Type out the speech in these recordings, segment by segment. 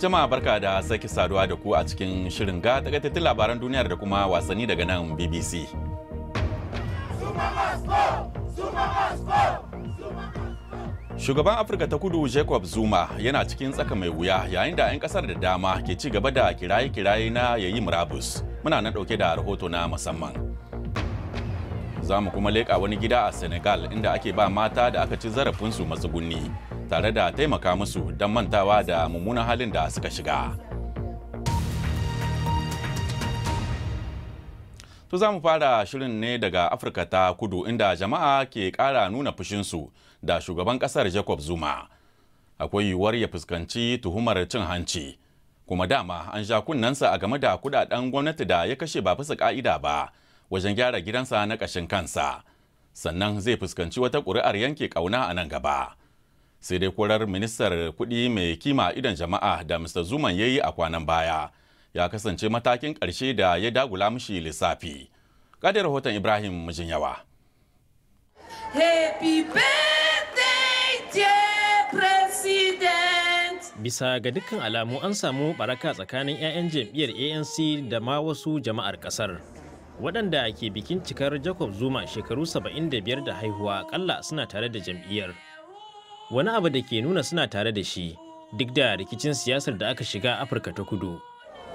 Jama'a barka da sake saduwa da ku a cikin shirin ga takaitattun labaran duniyar da kuma wasanni daga nan BBC. Shugaban Afirka ta kudu Jacob Zuma yana cikin tsaka mai wuya yayin da 'yan kasar da dama ke ci gaba da kiraye-kiraye na yayi murabus. Muna na ɗauke da rahoto na musamman. Za mu kuma leƙa wani gida a Senegal inda ake ba mata da aka ci zarafinsu matsugunni. tare da taimaka musu don mantawa da mummunan halin da suka shiga. To za mu fara shirin ne daga Afirka ta kudu inda jama'a ke ƙara nuna fushinsu da shugaban ƙasar Jacob Zuma. Akwai yiwuwar ya fuskanci tuhumar cin hanci. Kuma dama an sha kunnensa a game da kudaden gwamnati da ya kashe ba bisa ka'ida ba wajen gyara gidansa na ƙashin kansa. Sannan zai fuskanci wata ƙuri'ar yanke ƙauna a nan gaba. sai dai kwarar ministar kuɗi mai kima idan jama'a da mr zuman ya yi a kwanan baya ya kasance matakin ƙarshe da ya dagula mishi lissafi kadai rahoton ibrahim mijin yawa bisa ga dukkan alamu an samu baraka tsakanin 'ya'yan jam'iyyar anc da ma wasu jama'ar kasar waɗanda ke bikin cikar jacob zuma shekaru 75 da haihuwa akalla suna tare da jam'iyyar wani abu da ke nuna suna tare da shi duk da rikicin siyasar da aka shiga Afirka ta kudu.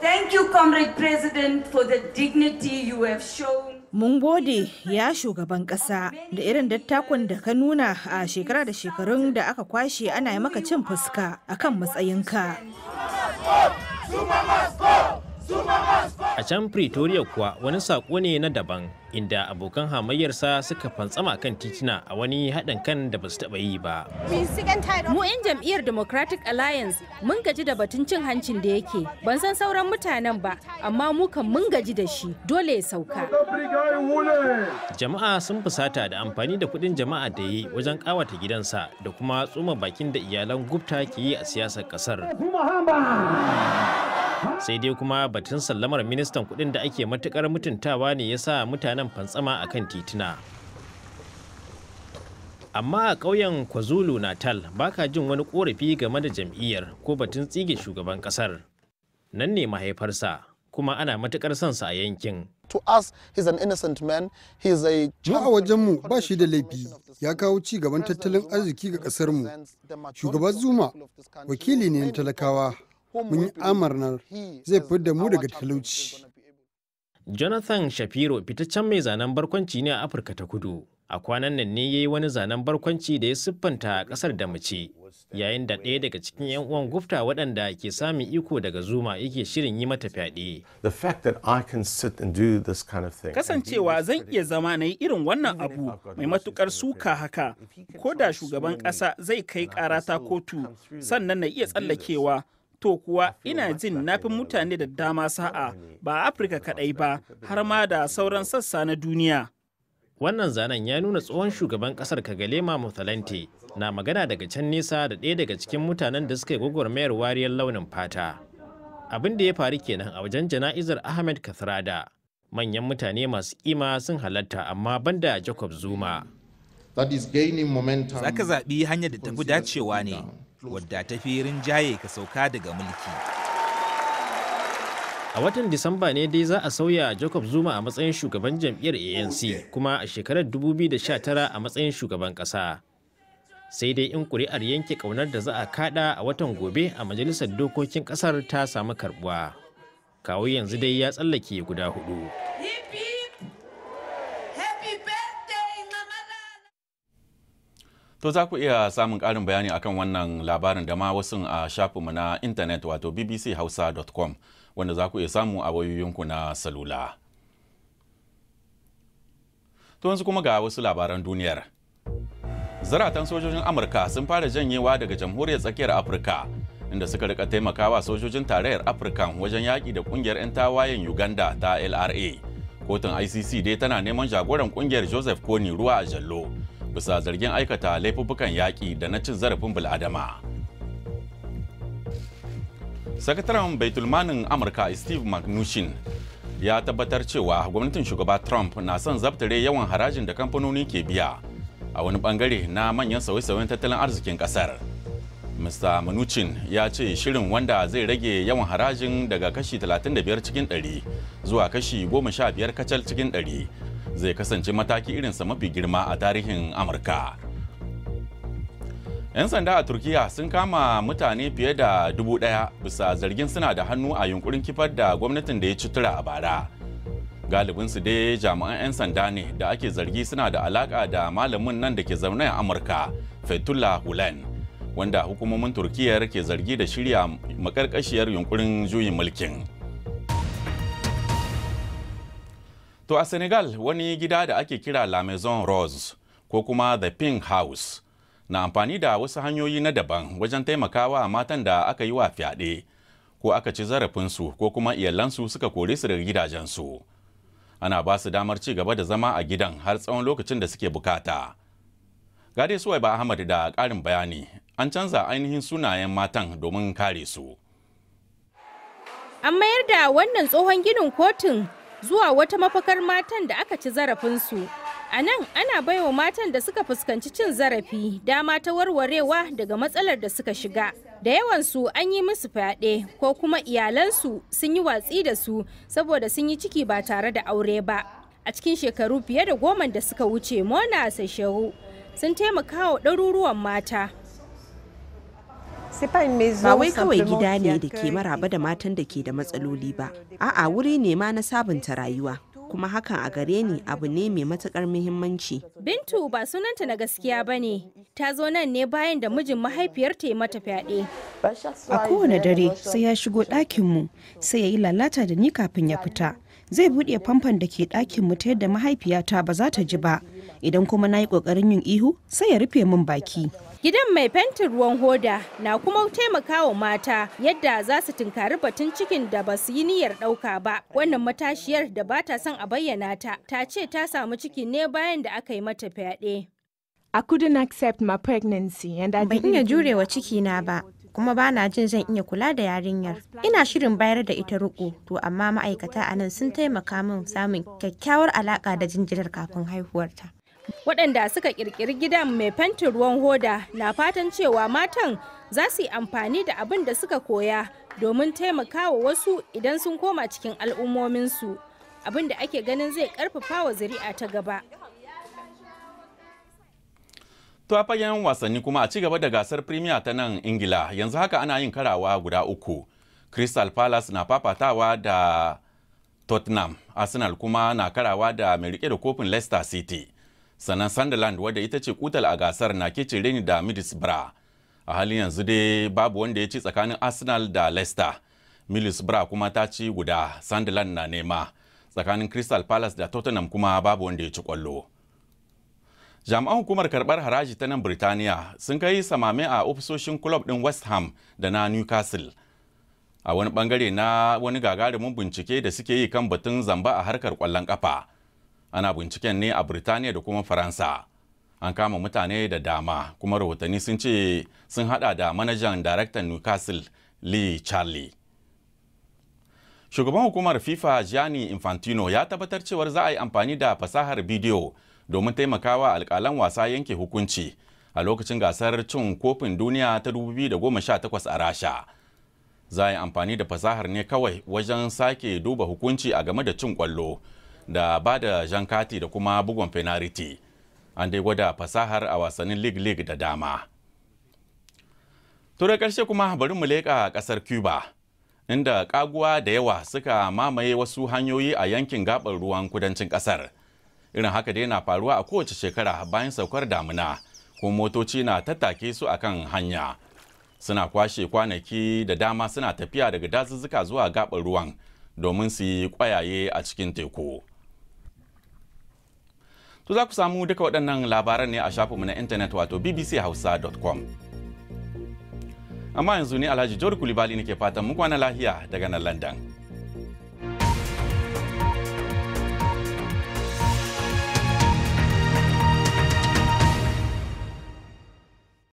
Thank you, Comrade President, for the dignity you have shown. Mun gode ya shugaban ƙasa da irin dattakon da ka nuna a shekara da shekarun da aka kwashe ana yi maka cin fuska a akan matsayinka. A can Pretoria kuwa wani saƙo ne na daban inda abokan hamayyarsa suka fantsama kan titina a wani haɗin kan da ba su taɓa yi ba. Mu 'yan jam'iyyar Democratic Alliance mun gaji da batun cin hancin da yake ban san sauran mutanen ba amma mu kan mun gaji da shi dole ya sauka. Jama'a sun fusata da amfani da kuɗin jama'a da yi wajen ƙawata gidansa da kuma tsoma bakin da iyalan Gupta ke yi a siyasar ƙasar. sai dai kuma batun sallamar ministan kudin da ake matukar mutuntawa ne ya sa mutanen fantsama a kan tituna amma a ƙauyen kwazulu natal baka jin wani korafi game da jam'iyyar ko batun tsige shugaban ƙasar nan ne mahaifarsa kuma ana matukar son sa a yankin to us he's an innocent man he's a mu a wajenmu ba shi da laifi ya kawo ci gaban tattalin arziki ga kasar mu shugaban zuma wakili ne na talakawa mun yi amarnar zai da mu daga talauci. Jonathan Shapiro fitaccen mai zanen barkwanci ne a Afirka ta kudu. A kwanan nan ne ya yi wani zanen barkwanci da ya siffanta a kasar da mace, yayin da ɗaya daga cikin 'yan uwan gufta waɗanda ke samun iko daga zuma yake shirin yi mata fyaɗe. Kasancewa zan iya zama na yi irin wannan abu mai matukar suka haka, ko da shugaban ƙasa zai kai ƙarata kotu, sannan na iya tsallakewa to kuwa ina jin na fi mutane da dama sa'a ba afirka kaɗai ba har ma da sauran sassa na duniya wannan zanen ya nuna tsohon shugaban kasar kagalema muthalante na magana daga can nesa da ɗaya daga cikin mutanen da suka yi gwagwarmayar wariyar launin fata abin da ya faru kenan a wajen jana'izar ahmed kathrada manyan mutane masu kima sun halatta amma banda jacob zuma zaka zaɓi hanyar da tafi dacewa ne wadda ta fi rinjaye ka sauka daga mulki a watan disamba ne dai za a sauya jacob zuma a matsayin shugaban jam'iyyar anc kuma a shekarar 2019 a matsayin shugaban kasa sai dai in kuri'ar yanke kaunar da za a kada a watan gobe a majalisar dokokin ƙasar ta samu karbuwa kawo yanzu dai ya tsallake guda hudu. To za ku iya samun ƙarin bayani akan wannan labarin da ma wasu a shafinmu na intanet wato bbchausa.com wanda za ku iya samu a wayoyinku na salula. To yanzu kuma ga wasu labaran duniyar. Zaratan sojojin Amurka sun fara janyewa daga jamhuriyar tsakiyar Afirka inda suka rika taimakawa sojojin tarayyar Afirka wajen yaƙi da ƙungiyar 'yan tawayen Uganda ta LRA. Kotun ICC dai tana neman jagoran ƙungiyar Joseph Kony ruwa a jallo. bisa zargin aikata laifuffukan yaƙi da na cin zarafin bil'adama. Sakataren Baitulmanin Amurka Steve McNushin ya tabbatar cewa gwamnatin shugaba Trump na son zabtare yawan harajin da kamfanoni ke biya a wani bangare na manyan sauye-sauyen tattalin arzikin kasar. Mr. Mnuchin ya ce shirin wanda zai rage yawan harajin daga kashi 35 cikin 100 zuwa kashi 15 kacal cikin 100 zai kasance mataki irin irinsa mafi girma a tarihin amurka 'yan sanda a turkiya sun kama mutane fiye da dubu daya bisa zargin suna da hannu a yunkurin kifar da gwamnatin da ya ci tura a bara galibinsu dai jami'an 'yan sanda ne da ake zargi suna da alaka da malamin nan da ke zaune a amurka fetullah gulen wanda hukumomin turkiyar ke zargi da shirya makarkashiyar yunkurin juyin mulkin To a Senegal wani gida da ake kira La Maison Rose ko kuma The Pink House na amfani da wasu hanyoyi na daban wajen taimakawa matan da aka yi wa fyaɗe ko aka ci zarafinsu ko kuma iyalansu suka kore su daga gidajensu. Ana ba su damar ci gaba da zama a gidan har tsawon lokacin da suke bukata. Gade Suwai ba Ahmad da ƙarin bayani an canza ainihin sunayen matan domin kare su. An mayar da wannan tsohon ginin kotun zuwa wata mafakar matan da aka ci zarafinsu. A nan ana baiwa matan da suka fuskanci cin zarafi dama ta warwarewa daga matsalar da suka shiga. Da yawansu an yi musu fyaɗe ko kuma iyalansu sun yi watsi da su saboda sun yi ciki ba tare da aure ba. A cikin shekaru fiye da goma da suka wuce Mona Sashehu sun taimaka wa ɗaruruwan mata. Ba wai kawai gida ne da ke maraba da matan da ke da matsaloli ba, a'a wuri ne ma na sabunta rayuwa. kuma hakan a gare ni abu ne mai matukar muhimmanci. Bintu ba sunanta na gaskiya ba ne, ta zo nan ne bayan da mijin mahaifiyarta ya mata fyaɗe. A kowane dare sai ya shigo ɗakinmu, sai ya yi lalata da ni kafin ya fita. Zai buɗe famfon da ke ɗakinmu ta yadda mahaifiyata ba za ta ji ba. idan kuma na yi ƙoƙarin yin ihu sai ya rufe min baki. Gidan mai fentin ruwan hoda na kuma taimakawa mata yadda za su tunkari batun cikin da ba su yi niyyar ɗauka ba. Wannan matashiyar da ba ta son a bayyana ta, ta ce ta samu ciki ne bayan da aka yi mata fyaɗe. I couldn't accept my pregnancy and I Ban iya wa ciki na ba, kuma ba na jin zan iya kula da yarinyar. Ina shirin bayar da ita riko, to amma ma'aikata a nan sun taimaka min samun kyakkyawar alaƙa da jinjirar kafin haihuwarta. waɗanda suka ƙirƙiri gidan mai fentin ruwan hoda na fatan cewa matan za su yi amfani da abin da suka koya domin taimakawa wasu idan sun koma cikin al'ummominsu abin da ake ganin zai ƙarfafa wa zuri'a ta gaba To a fagen wasanni kuma a ci gaba da gasar Premier ta nan Ingila yanzu haka ana yin karawa guda uku. Crystal Palace na fafatawa da Tottenham, Arsenal kuma na karawa da mai rike da kofin Leicester City. sannan sunderland wadda ita ce kutal a gasar na kece reni da middlesbrough a halin yanzu dai babu wanda ya ci tsakanin arsenal da leicester middlesbrough kuma ta ci guda sunderland na nema tsakanin crystal palace da tottenham kuma babu wanda ya ci kwallo jami'an hukumar karbar haraji ta nan birtaniya sun kai samame a ofisoshin club din west ham da na newcastle a wani bangare na wani gagarumin bincike da suke yi kan batun zamba a harkar kwallon kafa ana binciken ne a Birtaniya da kuma Faransa. An kama mutane da dama kuma rahotanni sun ce sun hada da manajan daraktan Newcastle Lee Charlie. Shugaban hukumar FIFA Gianni Infantino ya tabbatar cewar za a yi amfani da fasahar bidiyo domin taimakawa alkalan wasa yanke hukunci a lokacin gasar cin kofin duniya ta 2018 a Rasha. Za a yi amfani da fasahar ne kawai wajen sake duba hukunci a game da cin kwallo. da ba da jan kati da kuma bugun fenariti an dai gwada fasahar a wasannin league league da dama turai karshe kuma bari mu leƙa ƙasar cuba inda ƙaguwa da yawa suka mamaye wasu hanyoyi a yankin gabar ruwan kudancin ƙasar irin haka dai na faruwa a kowace shekara bayan saukar damuna kuma motoci na tattake su akan hanya suna kwashe kwanaki da dama suna tafiya daga dazuzzuka zuwa gabar ruwan domin su yi kwayaye a cikin teku. To za ku samu duka waɗannan labaran ne a shafinmu na intanet wato bbchausa.com. Amma yanzu ne Alhaji Jauri Kulibali nake fatan mu kwana lahiya daga nan London.